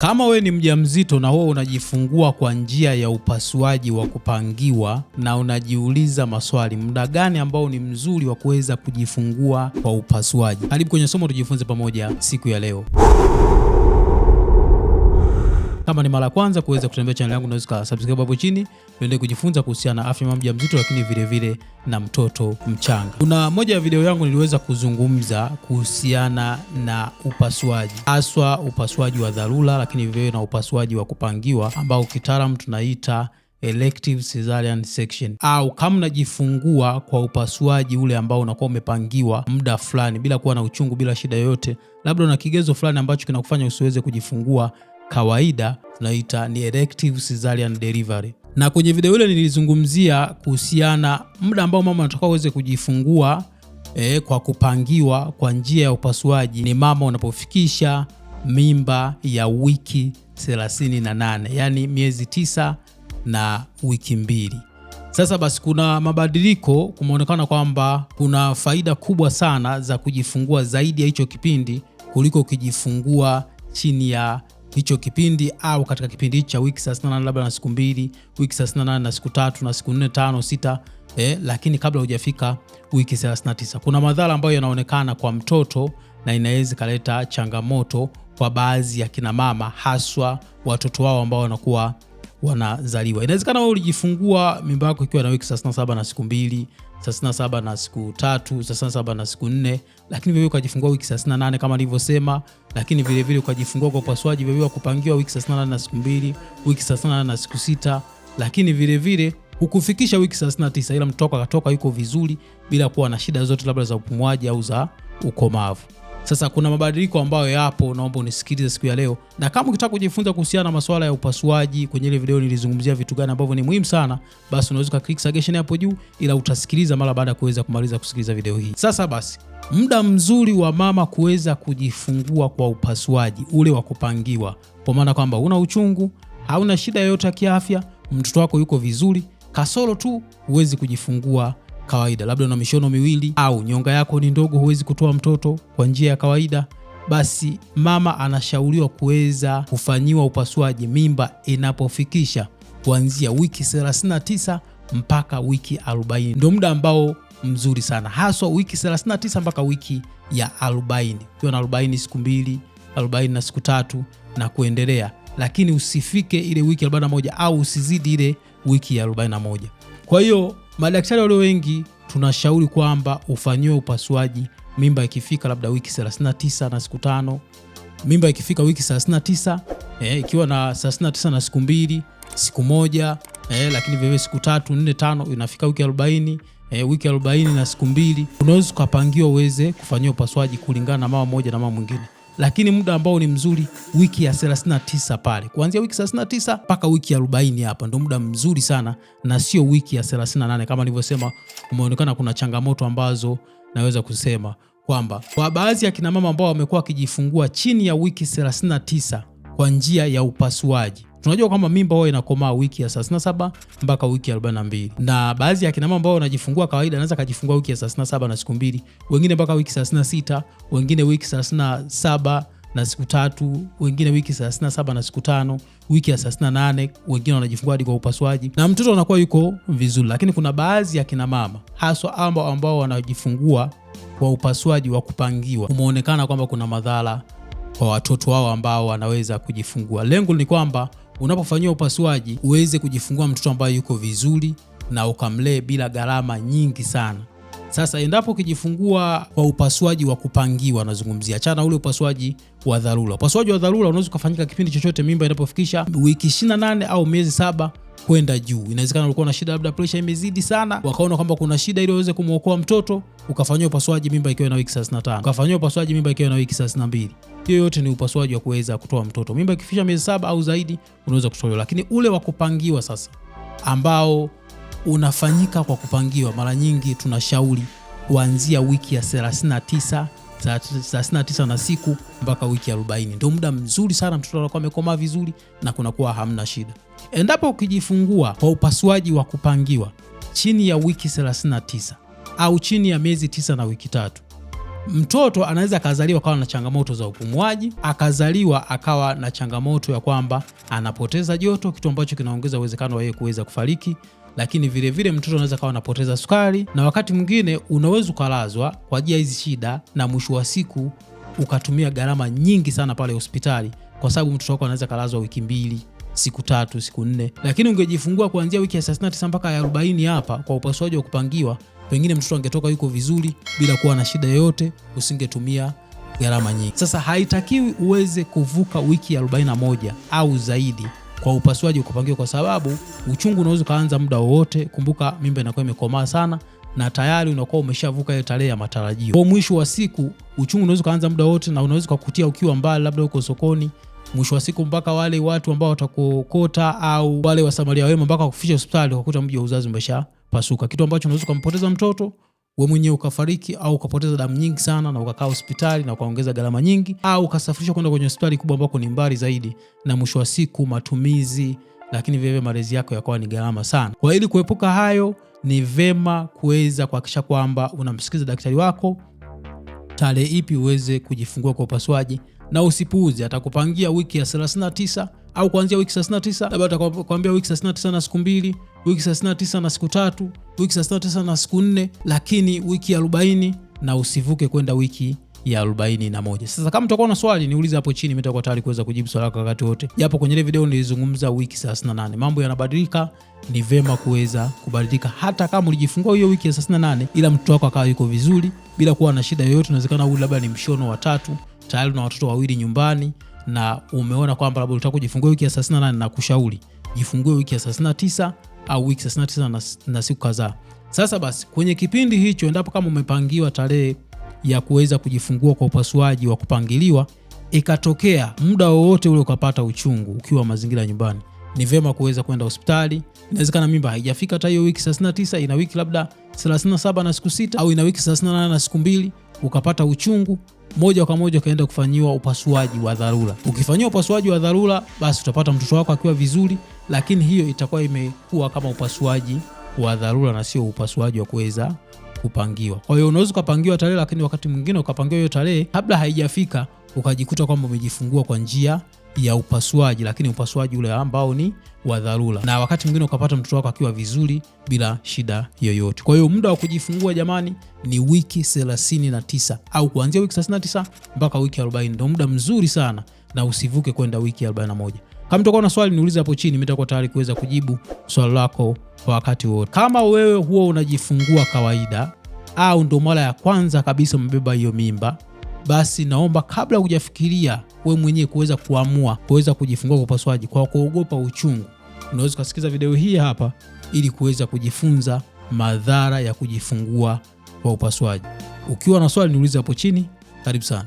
Kama wewe ni mjamzito na wewe unajifungua kwa njia ya upasuaji wa kupangiwa na unajiuliza maswali, muda gani ambao ni mzuri wa kuweza kujifungua kwa upasuaji? Karibu kwenye somo tujifunze pamoja siku ya leo. Kama ni mara ya kwanza kuweza kutembea channel yangu, unaweza subscribe hapo chini, uende kujifunza kuhusiana na afya mama mjamzito, lakini vile vile na mtoto mchanga. Kuna moja ya video yangu niliweza kuzungumza kuhusiana na upasuaji, haswa upasuaji wa dharura, lakini vile vile na upasuaji wa kupangiwa ambao kitaalamu tunaita elective cesarean section au kama najifungua kwa upasuaji ule ambao unakuwa umepangiwa muda fulani bila kuwa na uchungu, bila shida yoyote, labda una kigezo fulani ambacho kinakufanya usiweze kujifungua kawaida tunaita ni elective cesarean delivery. Na kwenye video ile nilizungumzia kuhusiana muda ambao mama anatakiwa aweze kujifungua e, kwa kupangiwa kwa njia ya upasuaji ni mama unapofikisha mimba ya wiki 38, yani miezi tisa na wiki mbili. Sasa basi, kuna mabadiliko, kumeonekana kwamba kuna faida kubwa sana za kujifungua zaidi ya hicho kipindi kuliko ukijifungua chini ya hicho kipindi au katika kipindi cha wiki 38 labda na siku mbili, wiki 38 na siku tatu na siku 4 tano sita eh, lakini kabla hujafika wiki 39 kuna madhara ambayo yanaonekana kwa mtoto na inaweza kaleta changamoto kwa baadhi ya kina mama haswa watoto wao ambao wanakuwa wanazaliwa. Inawezekana wewe ulijifungua mimba yako ikiwa na wiki 37 na siku mbili, 37 na siku tatu, 37 na siku nne, lakini vile ukajifungua wiki 38 kama nilivyosema, lakini vile vile ukajifungua kwa upasuaji vile vile kupangiwa wiki 38 na siku mbili, wiki 38 na siku sita, lakini vile vile hukufikisha wiki 39 ila mtoto akatoka yuko vizuri bila kuwa na shida zote labda za upumuaji au za ukomavu. Sasa kuna mabadiliko ambayo yapo, naomba unisikilize siku ya leo, na kama ukitaka kujifunza kuhusiana na masuala ya upasuaji, kwenye ile video nilizungumzia vitu gani ambavyo ni muhimu sana, basi unaweza ukaklik suggestion hapo juu, ila utasikiliza mara baada ya kuweza kumaliza kusikiliza video hii. Sasa basi muda mzuri wa mama kuweza kujifungua kwa upasuaji ule wa kupangiwa, kwa maana kwamba una uchungu, hauna shida yoyote ya kiafya, mtoto wako yuko vizuri, kasoro tu huwezi kujifungua kawaida, labda una mishono miwili au nyonga yako ni ndogo, huwezi kutoa mtoto kwa njia ya kawaida, basi mama anashauriwa kuweza kufanyiwa upasuaji mimba inapofikisha kuanzia wiki 39 mpaka wiki 40. Ndio muda ambao mzuri sana haswa wiki 39 mpaka wiki ya 40, ukiwa na 40 siku mbili, 40 na siku tatu na kuendelea, lakini usifike ile wiki 41 au usizidi ile wiki ya 41. Kwa hiyo Madaktari walio wengi tunashauri kwamba ufanyiwe upasuaji mimba ikifika labda wiki 39 na siku tano, mimba ikifika wiki 39 eh, ikiwa na 39 na siku mbili, siku moja eh, lakini vile siku tatu, nne, tano inafika wiki 40 eh, wiki 40 na siku mbili, unaweza ukapangiwa uweze kufanyiwa upasuaji kulingana na mama moja na mama mwingine lakini muda ambao ni mzuri wiki ya 39 pale, kuanzia wiki 39 mpaka wiki ya 40, hapa ndo muda mzuri sana, na sio wiki ya 38. Kama nilivyosema, umeonekana kuna changamoto ambazo naweza kusema kwamba kwa baadhi ya kinamama ambao wamekuwa wakijifungua chini ya wiki 39 kwa njia ya upasuaji Tunajua kwamba mimba huwa inakomaa wiki ya 37 mpaka wiki ya 42, na baadhi ya kinamama ambao wanajifungua kawaida anaweza kujifungua wiki ya 37 na siku mbili, wengine mpaka wiki 36, wengine wiki 37 na siku tatu, wengine wiki 37 na siku tano, wiki ya 38, wengine wanajifungua hadi kwa upasuaji na mtoto anakuwa yuko vizuri. Lakini kuna baadhi ya kina mama haswa ambao ambao wanajifungua kwa upasuaji wa kupangiwa, umeonekana kwamba kuna madhara kwa watoto wao ambao wanaweza kujifungua. Lengo ni kwamba unapofanyiwa upasuaji uweze kujifungua mtoto ambaye yuko vizuri na ukamlee bila gharama nyingi sana. Sasa endapo ukijifungua kwa upasuaji wa kupangiwa, nazungumzia achana ule upasuaji wa dharura. Upasuaji wa dharura unaweza ukafanyika kipindi chochote mimba inapofikisha wiki 28 au miezi saba kwenda juu. Inawezekana ulikuwa na shida, labda presha imezidi sana, wakaona kwamba kuna shida, ili waweze kumwokoa mtoto, ukafanyia upasuaji mimba ikiwa na wiki 35, ukafanyia upasuaji mimba ikiwa na wiki 32 matukio yote ni upasuaji wa kuweza kutoa mtoto. Mimba ikifikisha miezi saba au zaidi unaweza kutolewa, lakini ule wa kupangiwa sasa, ambao unafanyika kwa kupangiwa, mara nyingi tunashauri kuanzia wiki ya 39 39 na siku mpaka wiki 40, ndio muda mzuri sana, mtoto anakuwa amekomaa vizuri na kunakuwa hamna shida. Endapo ukijifungua kwa upasuaji wa kupangiwa chini ya wiki 39 au chini ya miezi tisa na wiki tatu Mtoto anaweza akazaliwa akawa na changamoto za upumuaji, akazaliwa akawa na changamoto ya kwamba anapoteza joto, kitu ambacho kinaongeza uwezekano wa yeye kuweza kufariki lakini vilevile vile mtoto anaweza kawa anapoteza sukari, na wakati mwingine unaweza ukalazwa kwa ajili ya hizi shida, na mwisho wa siku ukatumia gharama nyingi sana pale hospitali, kwa sababu mtoto wako anaweza kalazwa wiki mbili, siku tatu, siku nne. Lakini ungejifungua kuanzia wiki ya 39 mpaka ya 40 hapa kwa upasuaji wa kupangiwa, pengine mtoto angetoka yuko vizuri bila kuwa na shida yoyote, usingetumia gharama nyingi. Sasa haitakiwi uweze kuvuka wiki ya 41 au zaidi kwa upasuaji ukupangiwa, kwa sababu uchungu unaweza ukaanza muda wowote. Kumbuka mimba inakuwa imekomaa sana na tayari unakuwa umeshavuka ile tarehe ya matarajio. Kwa mwisho wa siku, uchungu unaweza ukaanza muda wote na unaweza kukutia ukiwa mbali, labda uko sokoni. Mwisho wa siku, mpaka wale watu ambao watakuokota au wale wasamaria wema mpaka wakufikisha hospitali, ukakuta mji wa uzazi umesha pasuka, kitu ambacho unaweza ukampoteza mtoto we mwenyewe ukafariki au ukapoteza damu nyingi sana na ukakaa hospitali na ukaongeza gharama nyingi, au ukasafirishwa kwenda kwenye hospitali kubwa ambako ni mbali zaidi, na mwisho wa siku matumizi, lakini vilevile malezi yako yakawa ni gharama sana. Kwa ili kuepuka hayo, ni vema kuweza kuhakikisha kwamba unamsikiliza daktari wako, tarehe ipi uweze kujifungua kwa upasuaji, na usipuuze. Atakupangia wiki ya 39 au kuanzia wiki 39 labda utakwambia wiki 39 na siku mbili, wiki 39 na siku tatu, wiki 39 na siku nne, lakini wiki ya 40 na usivuke kwenda wiki ya 41. Sasa kama utakuwa na swali niulize hapo chini, mimi nitakuwa tayari kuweza kujibu swali lako wakati wote, japo kwenye ile video nilizungumza wiki 38. Mambo yanabadilika, ni vema kuweza kubadilika. Hata kama ulijifungua hiyo wiki ya 38, ila mtoto wako akawa yuko vizuri bila kuwa na shida yoyote, inawezekana huyu labda ni mshono wa tatu, tayari una watoto wawili nyumbani na umeona kwamba labda unataka kujifungua wiki ya 38 na kushauri jifungue wiki ya 39 au wiki 39 na, na siku kadhaa. Sasa basi kwenye kipindi hicho, endapo kama umepangiwa tarehe ya kuweza kujifungua kwa upasuaji wa kupangiliwa, ikatokea muda wowote ule ukapata uchungu ukiwa mazingira nyumbani, ni vema kuweza kwenda hospitali. Inawezekana mimba haijafika hata hiyo wiki 39, ina wiki labda 37 na siku sita au ina wiki 38 na siku mbili, ukapata uchungu moja kwa moja ukaenda kufanyiwa upasuaji wa dharura. Ukifanyiwa upasuaji wa dharura, basi utapata mtoto wako akiwa vizuri, lakini hiyo itakuwa imekuwa kama upasuaji wa dharura na sio upasuaji wa kuweza kupangiwa. Kwa hiyo unaweza ukapangiwa tarehe, lakini wakati mwingine ukapangiwa hiyo tarehe kabla haijafika, ukajikuta kwamba umejifungua kwa njia ya upasuaji, lakini upasuaji ule ambao ni wa dharura, na wakati mwingine ukapata mtoto wako akiwa vizuri bila shida yoyote. Kwa hiyo muda wa kujifungua jamani, ni wiki 39 au kuanzia wiki 39 mpaka wiki 40 ndio muda mzuri sana, na usivuke kwenda wiki 41. Kama utakuwa na swali niulize hapo chini, mimi nitakuwa tayari kuweza kujibu swali lako kwa wakati wote. Kama wewe huwa unajifungua kawaida au ndo mara ya kwanza kabisa umebeba hiyo mimba, basi naomba kabla hujafikiria we mwenyewe kuweza kuamua kuweza kujifungua kwa upasuaji kwa kuogopa uchungu, unaweza ukasikiza video hii hapa ili kuweza kujifunza madhara ya kujifungua kwa upasuaji. Ukiwa na swali niulize hapo chini. Karibu sana.